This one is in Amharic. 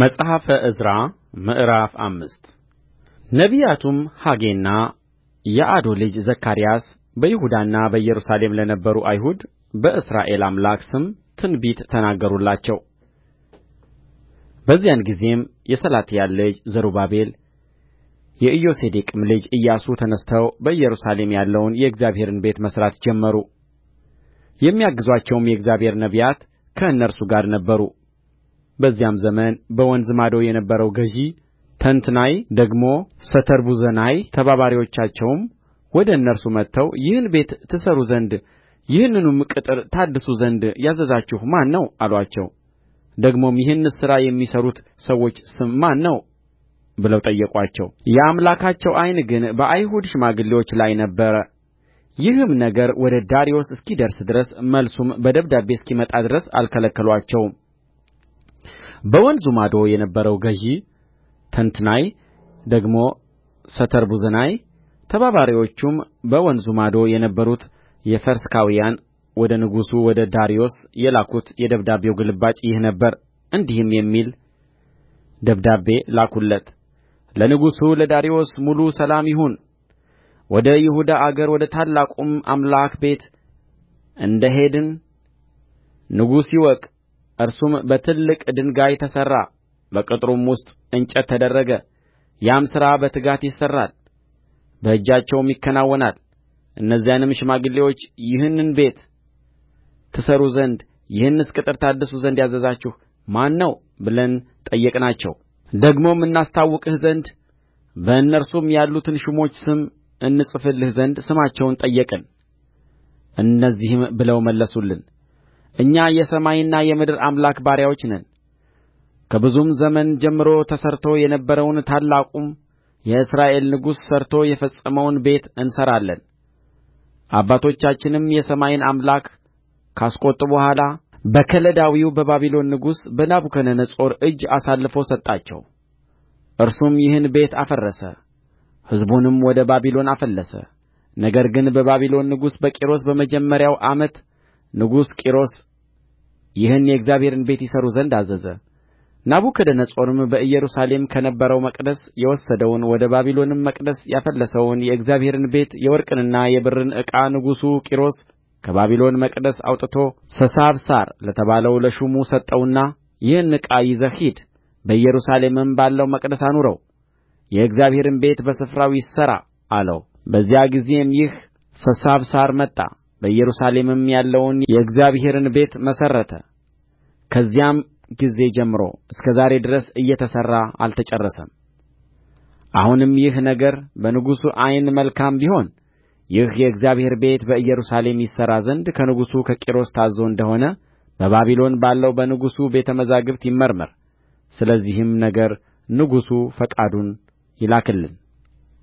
መጽሐፈ ዕዝራ ምዕራፍ አምስት ነቢያቱም ሐጌና የአዶ ልጅ ዘካርያስ በይሁዳና በኢየሩሳሌም ለነበሩ አይሁድ በእስራኤል አምላክ ስም ትንቢት ተናገሩላቸው። በዚያን ጊዜም የሰላትያል ልጅ ዘሩባቤል የኢዮሴዴቅም ልጅ ኢያሱ ተነሥተው በኢየሩሳሌም ያለውን የእግዚአብሔርን ቤት መሥራት ጀመሩ። የሚያግዟቸውም የእግዚአብሔር ነቢያት ከእነርሱ ጋር ነበሩ። በዚያም ዘመን በወንዝ ማዶ የነበረው ገዥ ተንትናይ ደግሞ ሰተርቡዝናይ ተባባሪዎቻቸውም ወደ እነርሱ መጥተው ይህን ቤት ትሠሩ ዘንድ ይህንኑም ቅጥር ታድሱ ዘንድ ያዘዛችሁ ማን ነው አሉአቸው። ደግሞም ይህንስ ሥራ የሚሠሩት ሰዎች ስም ማን ነው ብለው ጠየቋቸው። የአምላካቸው ዐይን ግን በአይሁድ ሽማግሌዎች ላይ ነበረ። ይህም ነገር ወደ ዳርዮስ እስኪደርስ ድረስ መልሱም በደብዳቤ እስኪመጣ ድረስ አልከለከሉአቸውም። በወንዙ ማዶ የነበረው ገዥ ተንትናይ ደግሞ ሰተርቡዝናይ ተባባሪዎቹም በወንዙ ማዶ የነበሩት የፈርስካውያን ወደ ንጉሡ ወደ ዳርዮስ የላኩት የደብዳቤው ግልባጭ ይህ ነበረ እንዲህም የሚል ደብዳቤ ላኩለት ለንጉሡ ለዳርዮስ ሙሉ ሰላም ይሁን ወደ ይሁዳ አገር ወደ ታላቁም አምላክ ቤት እንደ ሄድን ንጉሥ ይወቅ እርሱም በትልቅ ድንጋይ ተሠራ በቅጥሩም ውስጥ እንጨት ተደረገ ያም ሥራ በትጋት ይሠራል በእጃቸውም ይከናወናል እነዚያንም ሽማግሌዎች ይህንን ቤት ትሠሩ ዘንድ ይህንስ ቅጥር ታድሱ ዘንድ ያዘዛችሁ ማን ነው ብለን ጠየቅናቸው ደግሞም እናስታውቅህ ዘንድ በእነርሱም ያሉትን ሹሞች ስም እንጽፍልህ ዘንድ ስማቸውን ጠየቅን እነዚህም ብለው መለሱልን እኛ የሰማይና የምድር አምላክ ባሪያዎች ነን ከብዙም ዘመን ጀምሮ ተሠርቶ የነበረውን ታላቁም የእስራኤል ንጉሥ ሠርቶ የፈጸመውን ቤት እንሠራለን አባቶቻችንም የሰማይን አምላክ ካስቈጡ በኋላ በከለዳዊው በባቢሎን ንጉሥ በናቡከደነፆር እጅ አሳልፎ ሰጣቸው እርሱም ይህን ቤት አፈረሰ ሕዝቡንም ወደ ባቢሎን አፈለሰ ነገር ግን በባቢሎን ንጉሥ በቂሮስ በመጀመሪያው ዓመት ንጉሡ ቂሮስ ይህን የእግዚአብሔርን ቤት ይሠሩ ዘንድ አዘዘ ናቡከደነፆርም በኢየሩሳሌም ከነበረው መቅደስ የወሰደውን ወደ ባቢሎንም መቅደስ ያፈለሰውን የእግዚአብሔርን ቤት የወርቅንና የብርን ዕቃ ንጉሡ ቂሮስ ከባቢሎን መቅደስ አውጥቶ ሰሳብሳር ለተባለው ለሹሙ ሰጠውና ይህን ዕቃ ይዘህ ሂድ በኢየሩሳሌምም ባለው መቅደስ አኑረው የእግዚአብሔርም ቤት በስፍራው ይሠራ አለው በዚያ ጊዜም ይህ ሰሳብሳር መጣ በኢየሩሳሌምም ያለውን የእግዚአብሔርን ቤት መሠረተ ከዚያም ጊዜ ጀምሮ እስከ ዛሬ ድረስ እየተሠራ አልተጨረሰም አሁንም ይህ ነገር በንጉሡ ዓይን መልካም ቢሆን ይህ የእግዚአብሔር ቤት በኢየሩሳሌም ይሠራ ዘንድ ከንጉሡ ከቂሮስ ታዝዞ እንደሆነ በባቢሎን ባለው በንጉሡ ቤተ መዛግብት ይመርመር። ስለዚህም ነገር ንጉሡ ፈቃዱን ይላክልን